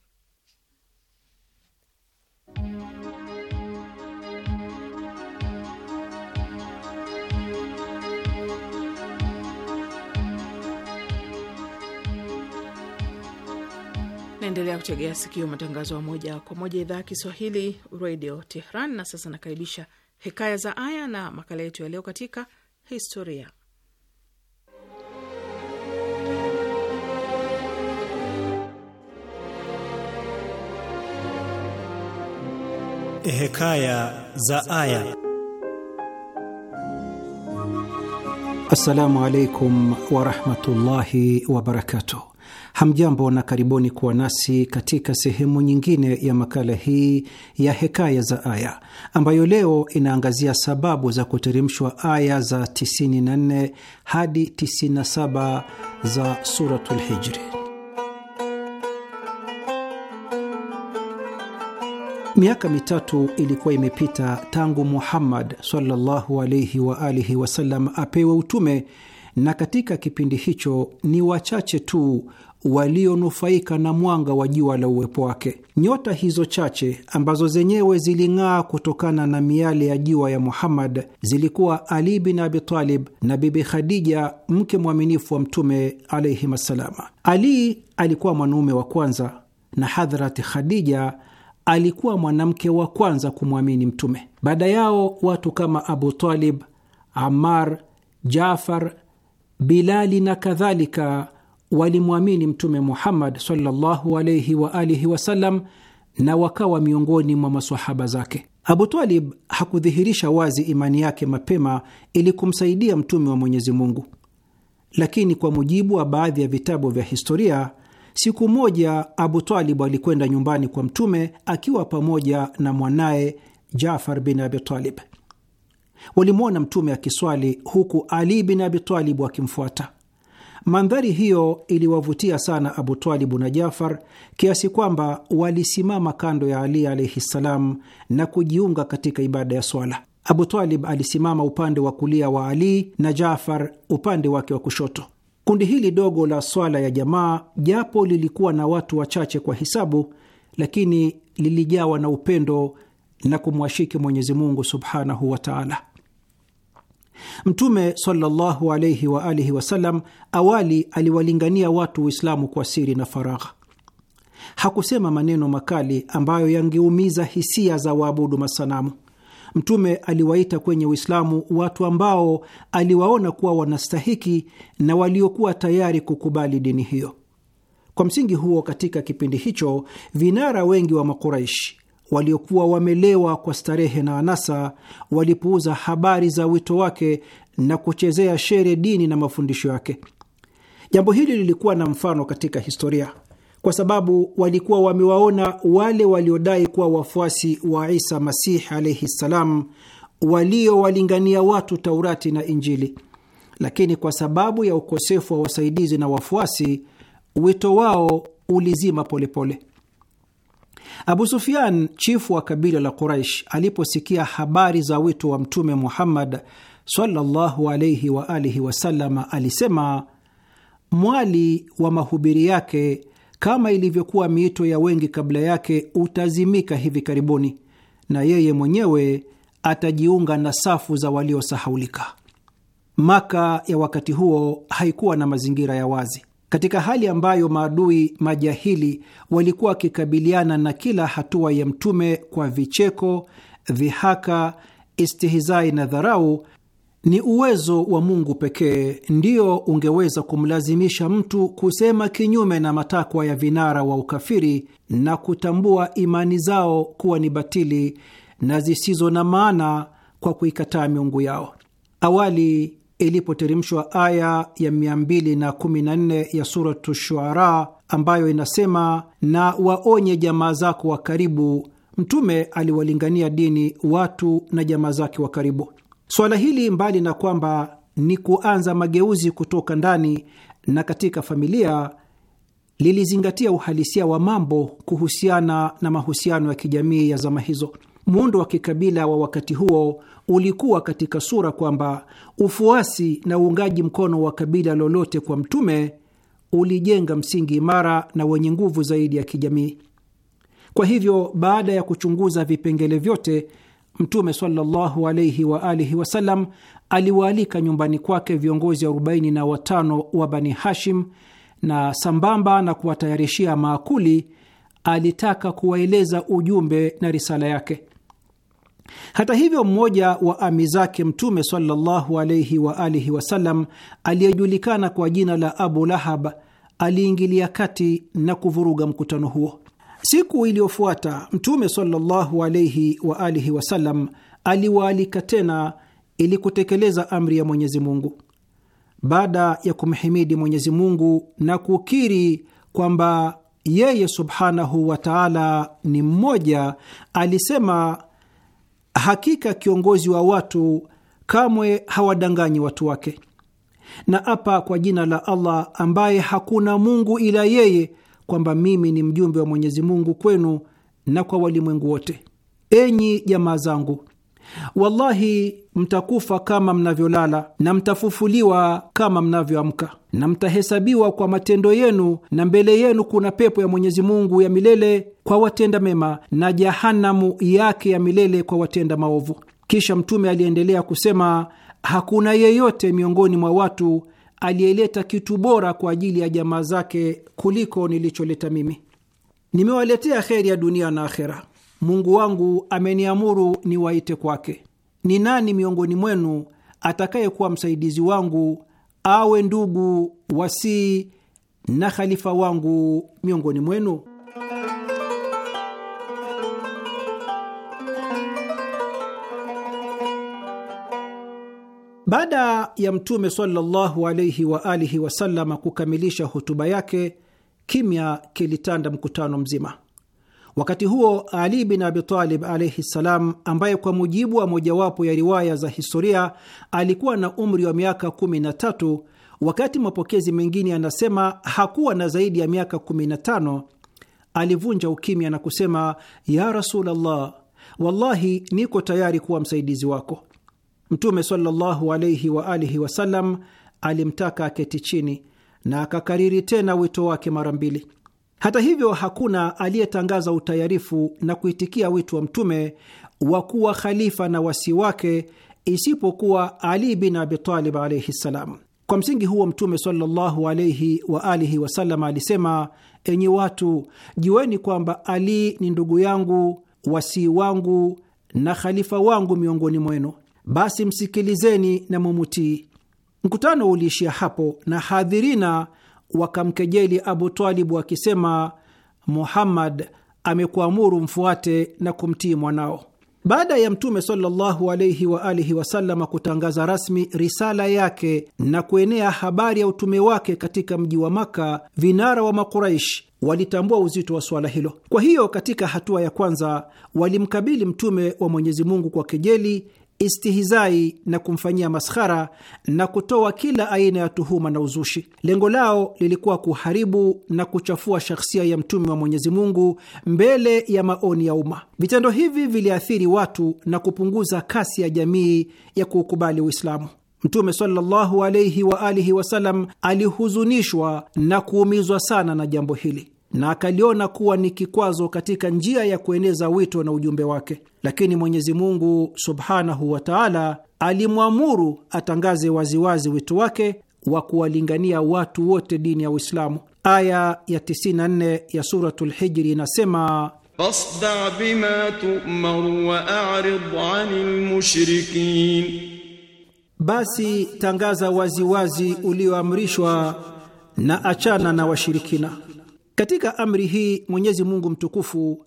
[SPEAKER 3] Naendelea kutegea sikio matangazo ya moja kwa moja idhaa ya Kiswahili radio Tehran. Na sasa nakaribisha hekaya za aya na makala yetu ya leo katika historia.
[SPEAKER 2] Hekaya za aya.
[SPEAKER 5] Assalamu alaikum warahmatullahi wabarakatuh. Hamjambo na karibuni kuwa nasi katika sehemu nyingine ya makala hii ya Hekaya za Aya ambayo leo inaangazia sababu za kuteremshwa aya za 94 hadi 97 za Suratul Hijri. Miaka mitatu ilikuwa imepita tangu Muhammad sallallahu alaihi wa alihi wasallam apewe utume na katika kipindi hicho ni wachache tu walionufaika na mwanga wa jua la uwepo wake. Nyota hizo chache ambazo zenyewe ziling'aa kutokana na miale ya jua ya Muhammad zilikuwa Ali bin Abi Talib na Bibi Khadija, mke mwaminifu wa Mtume alaihim assalama. Ali alikuwa mwanaume wa kwanza na Hadhrati Khadija alikuwa mwanamke wa kwanza kumwamini Mtume. Baada yao watu kama Abu Talib, Ammar, Jafar Bilali na kadhalika walimwamini Mtume Muhammad sallallahu alayhi wa alihi wasallam na wakawa miongoni mwa masahaba zake. Abu Talib hakudhihirisha wazi imani yake mapema ili kumsaidia Mtume wa Mwenyezi Mungu, lakini kwa mujibu wa baadhi ya vitabu vya historia, siku moja Abu Talib alikwenda nyumbani kwa Mtume akiwa pamoja na mwanaye Jafar bin Abi Talib. Walimwona Mtume akiswali huku Ali bin Abitalibu akimfuata. Mandhari hiyo iliwavutia sana Abu Talibu na Jafar kiasi kwamba walisimama kando ya Ali alaihi ssalam na kujiunga katika ibada ya swala. Abu Talib alisimama upande wa kulia wa Ali na Jafar upande wake wa kushoto. Kundi hili dogo la swala ya jamaa, japo lilikuwa na watu wachache kwa hisabu, lakini lilijawa na upendo na kumwashiki Mwenyezi Mungu subhanahu wa taala. Mtume sallallahu alayhi wa alihi wasallam awali aliwalingania watu Uislamu kwa siri na faragha. Hakusema maneno makali ambayo yangeumiza hisia za waabudu masanamu. Mtume aliwaita kwenye Uislamu watu ambao aliwaona kuwa wanastahiki na waliokuwa tayari kukubali dini hiyo. Kwa msingi huo, katika kipindi hicho vinara wengi wa Makuraishi waliokuwa wamelewa kwa starehe na anasa, walipuuza habari za wito wake na kuchezea shere dini na mafundisho yake. Jambo hili lilikuwa na mfano katika historia, kwa sababu walikuwa wamewaona wale waliodai kuwa wafuasi wa Isa Masih alaihi ssalam, waliowalingania watu Taurati na Injili, lakini kwa sababu ya ukosefu wa wasaidizi na wafuasi, wito wao ulizima polepole pole. Abu Sufyan, chifu wa kabila la Quraish, aliposikia habari za wito wa Mtume Muhammad sallallahu alayhi wa alihi wasallam, alisema mwali wa mahubiri yake kama ilivyokuwa miito ya wengi kabla yake utazimika hivi karibuni, na yeye mwenyewe atajiunga na safu za waliosahaulika. Maka ya wakati huo haikuwa na mazingira ya wazi katika hali ambayo maadui majahili walikuwa wakikabiliana na kila hatua ya Mtume kwa vicheko, dhihaka, istihizai na dharau. Ni uwezo wa Mungu pekee ndio ungeweza kumlazimisha mtu kusema kinyume na matakwa ya vinara wa ukafiri na kutambua imani zao kuwa ni batili na zisizo na maana kwa kuikataa miungu yao. Awali ilipoteremshwa aya ya 214 ya Suratu Shuara ambayo inasema, na waonye jamaa zako wa karibu. Mtume aliwalingania dini watu na jamaa zake wa karibu. Suala hili mbali na kwamba ni kuanza mageuzi kutoka ndani na katika familia, lilizingatia uhalisia wa mambo kuhusiana na mahusiano ya kijamii ya zama hizo. Muundo wa kikabila wa wakati huo ulikuwa katika sura kwamba ufuasi na uungaji mkono wa kabila lolote kwa mtume ulijenga msingi imara na wenye nguvu zaidi ya kijamii. Kwa hivyo, baada ya kuchunguza vipengele vyote, Mtume sallallahu alaihi wa alihi wasallam aliwaalika nyumbani kwake viongozi 45 na watano wa Bani Hashim, na sambamba na kuwatayarishia maakuli, alitaka kuwaeleza ujumbe na risala yake. Hata hivyo, mmoja wa ami zake Mtume sallallahu alaihi wa alihi wasallam aliyejulikana kwa jina la Abu Lahab aliingilia kati na kuvuruga mkutano huo. Siku iliyofuata Mtume sallallahu alaihi wa alihi wasallam aliwaalika tena ili kutekeleza amri ya Mwenyezi Mungu. Baada ya kumhimidi Mwenyezi Mungu na kukiri kwamba yeye subhanahu wa taala ni mmoja, alisema Hakika kiongozi wa watu kamwe hawadanganyi watu wake. Na apa kwa jina la Allah ambaye hakuna Mungu ila yeye, kwamba mimi ni mjumbe wa Mwenyezi Mungu kwenu na kwa walimwengu wote. Enyi jamaa zangu, Wallahi, mtakufa kama mnavyolala na mtafufuliwa kama mnavyoamka, na mtahesabiwa kwa matendo yenu, na mbele yenu kuna pepo ya Mwenyezi Mungu ya milele kwa watenda mema na jahanamu yake ya milele kwa watenda maovu. Kisha Mtume aliendelea kusema, hakuna yeyote miongoni mwa watu aliyeleta kitu bora kwa ajili ya jamaa zake kuliko nilicholeta mimi. Nimewaletea heri ya dunia na akhera Mungu wangu ameniamuru niwaite kwake. Ni nani miongoni mwenu atakayekuwa msaidizi wangu awe ndugu wasii na khalifa wangu miongoni mwenu? Baada ya Mtume sallallahu alaihi wa alihi wasallam kukamilisha hotuba yake, kimya kilitanda mkutano mzima. Wakati huo Ali bin abitalib alaihi ssalam, ambaye kwa mujibu wa mojawapo ya riwaya za historia alikuwa na umri wa miaka kumi na tatu, wakati mapokezi mengine anasema hakuwa na zaidi ya miaka kumi na tano, alivunja ukimya na kusema ya Rasulullah, wallahi niko tayari kuwa msaidizi wako. Mtume sallallahu alaihi wa alihi wasallam alimtaka aketi chini na akakariri tena wito wake mara mbili. Hata hivyo, hakuna aliyetangaza utayarifu na kuitikia wito wa Mtume wa kuwa khalifa na wasi wake isipokuwa Ali bin Abitalib alaihi ssalam. Kwa msingi huo Mtume sallallahu alaihi wa alihi wasallam alisema: enyi watu, jiweni kwamba Ali ni ndugu yangu, wasii wangu na khalifa wangu miongoni mwenu, basi msikilizeni na mumutii. Mkutano uliishia hapo na hadhirina wakamkejeli Abu Talibu wakisema, Muhammad amekuamuru mfuate na kumtii mwanao. Baada ya Mtume sallallahu alaihi wa alihi kutangaza rasmi risala yake na kuenea habari ya utume wake katika mji wa Maka, vinara wa Makuraish walitambua uzito wa suala hilo. Kwa hiyo, katika hatua ya kwanza walimkabili Mtume wa Mwenyezi Mungu kwa kejeli istihizai na kumfanyia maskhara na kutoa kila aina ya tuhuma na uzushi. Lengo lao lilikuwa kuharibu na kuchafua shakhsia ya mtume wa Mwenyezi Mungu mbele ya maoni ya umma. Vitendo hivi viliathiri watu na kupunguza kasi ya jamii ya kuukubali Uislamu. Mtume sallallahu alaihi wa alihi wasallam alihuzunishwa na kuumizwa sana na jambo hili na akaliona kuwa ni kikwazo katika njia ya kueneza wito na ujumbe wake, lakini Mwenyezi Mungu subhanahu wa taala alimwamuru atangaze waziwazi wito wake wa kuwalingania watu wote dini ya Uislamu. Aya ya 94 ya Suratul Hijri inasema
[SPEAKER 1] fasda bima tumaru wa arid anil
[SPEAKER 5] basi tangaza waziwazi ulioamrishwa na achana na washirikina katika amri hii Mwenyezi Mungu mtukufu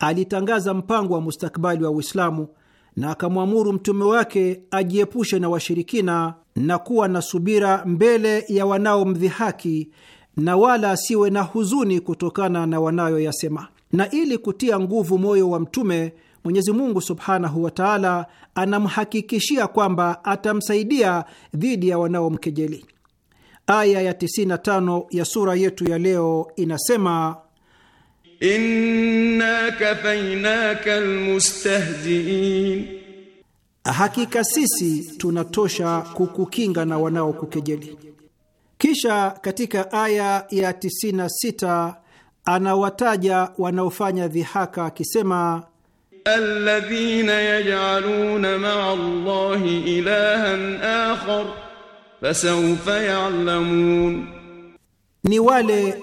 [SPEAKER 5] alitangaza mpango wa mustakabali wa Uislamu na akamwamuru mtume wake ajiepushe na washirikina na kuwa na subira mbele ya wanaomdhihaki na wala asiwe na huzuni kutokana na wanayoyasema. Na ili kutia nguvu moyo wa mtume, Mwenyezi Mungu subhanahu wa taala anamhakikishia kwamba atamsaidia dhidi ya wanaomkejeli. Aya ya 95 ya sura yetu ya leo inasema inna kafainaka almustahziin, hakika sisi tunatosha kukukinga na wanaokukejeli. Kisha katika aya ya 96 anawataja wanaofanya dhihaka akisema
[SPEAKER 1] alladhina yaj'aluna ma'a
[SPEAKER 5] Allahi ilahan akhar fasawfa ya'lamun, ni wale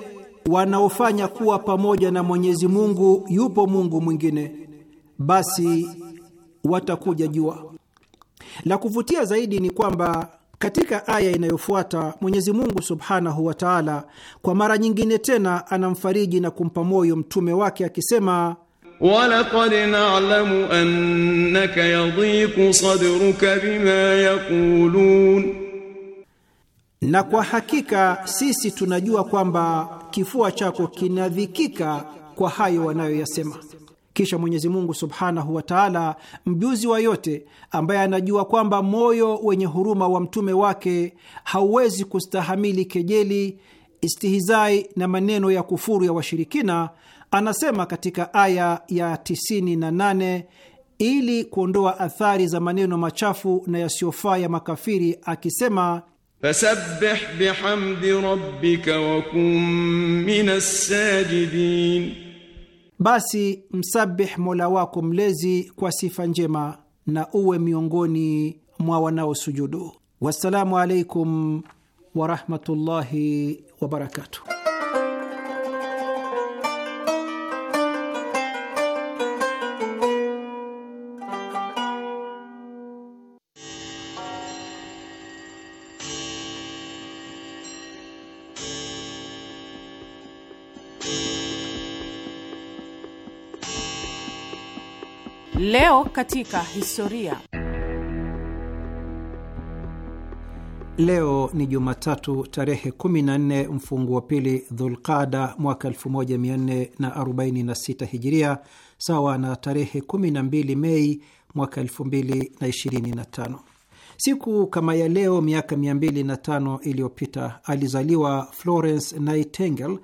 [SPEAKER 5] wanaofanya kuwa pamoja na Mwenyezi Mungu yupo Mungu mwingine, basi watakuja jua. La kuvutia zaidi ni kwamba katika aya inayofuata Mwenyezi Mungu subhanahu wa taala kwa mara nyingine tena anamfariji na kumpa moyo mtume wake akisema, walaqad na'lamu annaka yadhiqu sadruka bima yaqulun na kwa hakika sisi tunajua kwamba kifua chako kinadhikika kwa hayo wanayoyasema. Kisha Mwenyezi Mungu subhanahu wa taala, mjuzi wa yote, ambaye anajua kwamba moyo wenye huruma wa mtume wake hauwezi kustahamili kejeli, istihizai na maneno ya kufuru ya washirikina, anasema katika aya ya 98 ili kuondoa athari za maneno machafu na yasiyofaa ya makafiri, akisema
[SPEAKER 1] فسبح bihamdi rabbika wa kun minas sajidin,
[SPEAKER 5] basi msabih mola wako mlezi kwa sifa njema na uwe miongoni mwa wanaosujudu. Wassalamu alaikum wa rahmatullahi wa barakatuh.
[SPEAKER 3] Leo katika historia.
[SPEAKER 5] Leo ni Jumatatu tarehe 14 mfungu wa pili Dhulqada mwaka 1446 Hijiria, sawa na tarehe 12 Mei mwaka 2025. Siku kama ya leo miaka 205 iliyopita alizaliwa Florence Nightingale,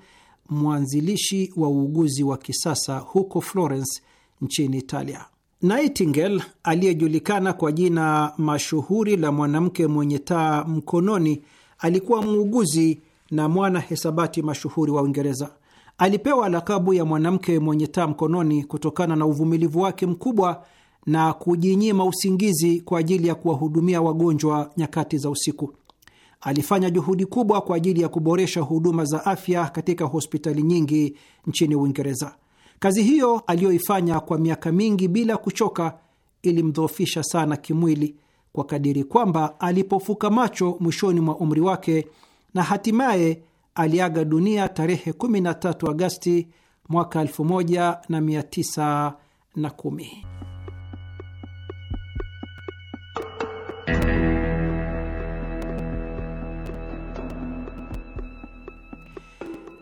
[SPEAKER 5] mwanzilishi wa uuguzi wa kisasa huko Florence nchini Italia. Nightingale aliyejulikana kwa jina mashuhuri la mwanamke mwenye taa mkononi alikuwa muuguzi na mwana hesabati mashuhuri wa Uingereza. Alipewa lakabu ya mwanamke mwenye taa mkononi kutokana na uvumilivu wake mkubwa na kujinyima usingizi kwa ajili ya kuwahudumia wagonjwa nyakati za usiku. Alifanya juhudi kubwa kwa ajili ya kuboresha huduma za afya katika hospitali nyingi nchini Uingereza. Kazi hiyo aliyoifanya kwa miaka mingi bila kuchoka ilimdhoofisha sana kimwili, kwa kadiri kwamba alipofuka macho mwishoni mwa umri wake na hatimaye aliaga dunia tarehe 13 Agasti mwaka 1910.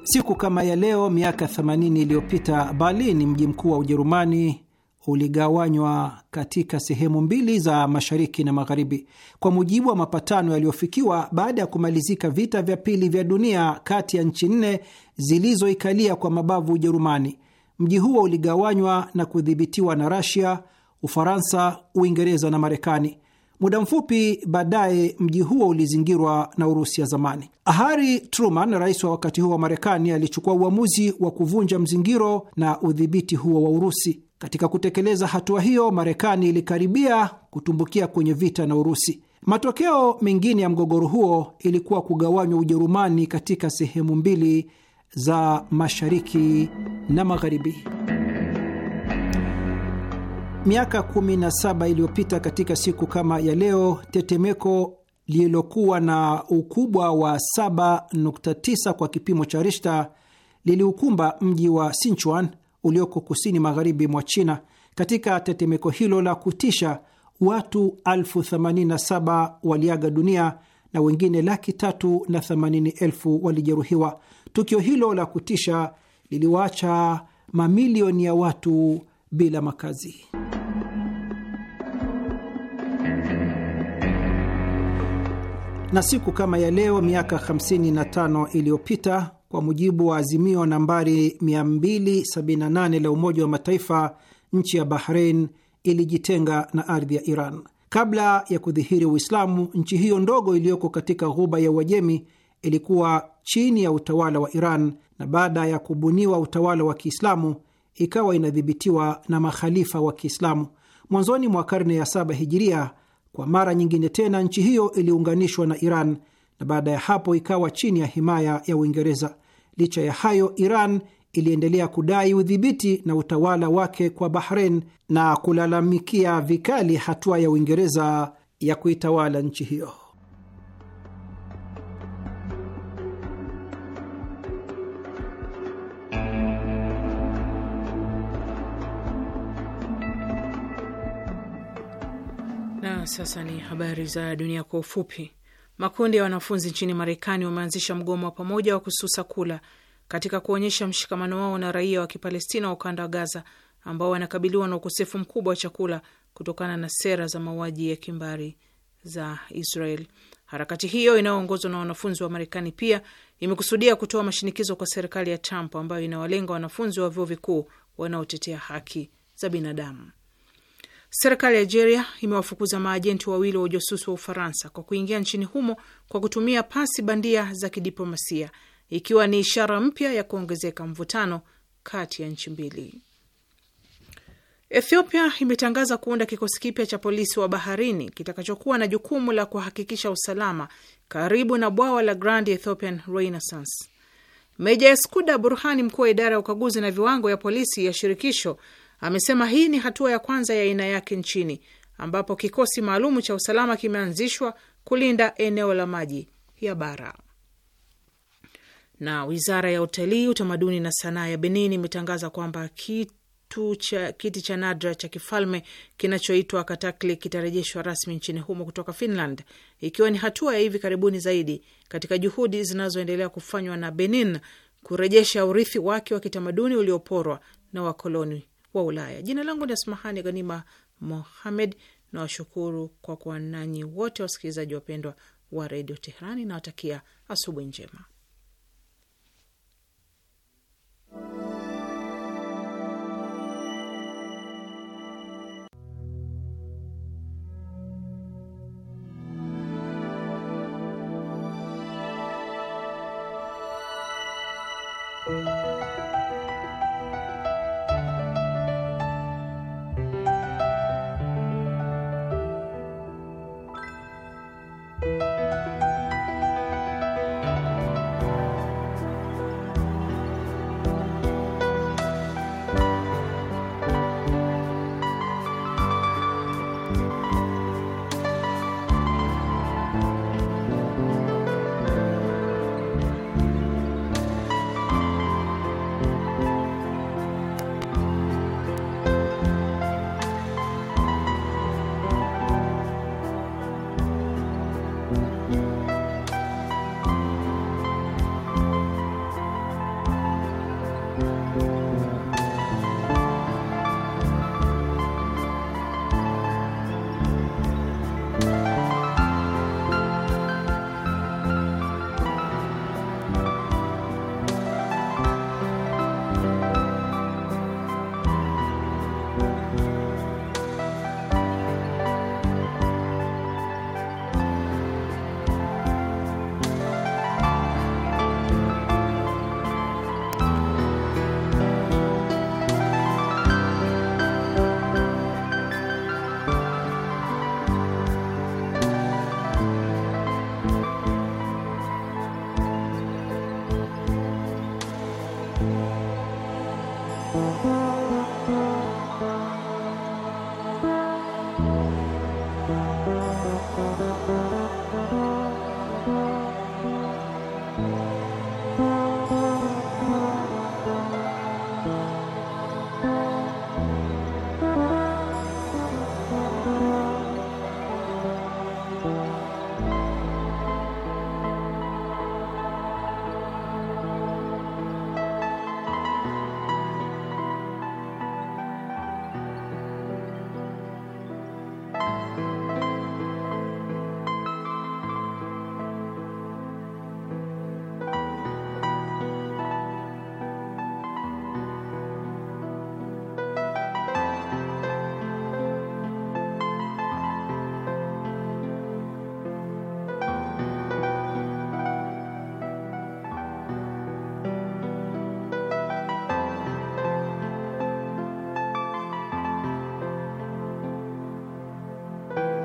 [SPEAKER 5] Siku kama ya leo miaka 80 iliyopita Berlin, mji mkuu wa Ujerumani, uligawanywa katika sehemu mbili za mashariki na magharibi kwa mujibu wa mapatano yaliyofikiwa baada ya kumalizika vita vya pili vya dunia kati ya nchi nne zilizoikalia kwa mabavu Ujerumani. Mji huo uligawanywa na kudhibitiwa na Rasia, Ufaransa, Uingereza na Marekani. Muda mfupi baadaye mji huo ulizingirwa na Urusi ya zamani. Harry Truman, rais wa wakati huo wa Marekani, alichukua uamuzi wa kuvunja mzingiro na udhibiti huo wa Urusi. Katika kutekeleza hatua hiyo, Marekani ilikaribia kutumbukia kwenye vita na Urusi. Matokeo mengine ya mgogoro huo ilikuwa kugawanywa Ujerumani katika sehemu mbili za mashariki na magharibi. Miaka 17 iliyopita katika siku kama ya leo, tetemeko lililokuwa na ukubwa wa 7.9 kwa kipimo cha Rishta liliukumba mji wa Sichuan ulioko kusini magharibi mwa China. Katika tetemeko hilo la kutisha, watu 87 waliaga dunia na wengine laki tatu na themanini elfu walijeruhiwa. Tukio hilo la kutisha liliwaacha mamilioni ya watu bila makazi. na siku kama ya leo miaka 55 iliyopita kwa mujibu wa azimio nambari 278 la Umoja wa Mataifa, nchi ya Bahrein ilijitenga na ardhi ya Iran. Kabla ya kudhihiri Uislamu, nchi hiyo ndogo iliyoko katika ghuba ya Uajemi ilikuwa chini ya utawala wa Iran, na baada ya kubuniwa utawala wa Kiislamu ikawa inadhibitiwa na makhalifa wa Kiislamu. Mwanzoni mwa karne ya saba hijiria kwa mara nyingine tena nchi hiyo iliunganishwa na Iran na baada ya hapo ikawa chini ya himaya ya Uingereza. Licha ya hayo, Iran iliendelea kudai udhibiti na utawala wake kwa Bahrein na kulalamikia vikali hatua ya Uingereza ya kuitawala nchi hiyo.
[SPEAKER 3] sasa ni habari za dunia kwa ufupi. Makundi ya wanafunzi nchini Marekani wameanzisha mgomo wa pamoja wa kususa kula katika kuonyesha mshikamano wao na raia wa Kipalestina wa ukanda wa Gaza ambao wanakabiliwa na ukosefu mkubwa wa chakula kutokana na sera za mauaji ya kimbari za Israel. Harakati hiyo inayoongozwa na wanafunzi wa Marekani pia imekusudia kutoa mashinikizo kwa serikali ya Trump ambayo inawalenga wanafunzi wa vyuo vikuu wanaotetea haki za binadamu. Serikali ya Algeria imewafukuza maajenti wawili wa ujasusi wa Ufaransa kwa kuingia nchini humo kwa kutumia pasi bandia za kidiplomasia, ikiwa ni ishara mpya ya kuongezeka mvutano kati ya nchi mbili. Ethiopia imetangaza kuunda kikosi kipya cha polisi wa baharini kitakachokuwa na jukumu la kuhakikisha usalama karibu na bwawa la Grand Ethiopian Renaissance. Meja Eskuda Burhani, mkuu wa idara ya ukaguzi na viwango ya polisi ya shirikisho, amesema hii ni hatua ya kwanza ya aina yake nchini ambapo kikosi maalumu cha usalama kimeanzishwa kulinda eneo la maji ya bara. Na wizara ya utalii, utamaduni na sanaa ya Benin imetangaza kwamba kitu cha, kiti cha nadra cha kifalme kinachoitwa katakli kitarejeshwa rasmi nchini humo kutoka Finland, ikiwa ni hatua ya hivi karibuni zaidi katika juhudi zinazoendelea kufanywa na Benin kurejesha urithi wake wa kitamaduni ulioporwa na wakoloni wa Ulaya. Jina langu ni Asmahani Ghanima Mohamed na washukuru kwa kuwa nanyi wote wasikilizaji wapendwa wa Redio Teherani, nawatakia asubuhi njema.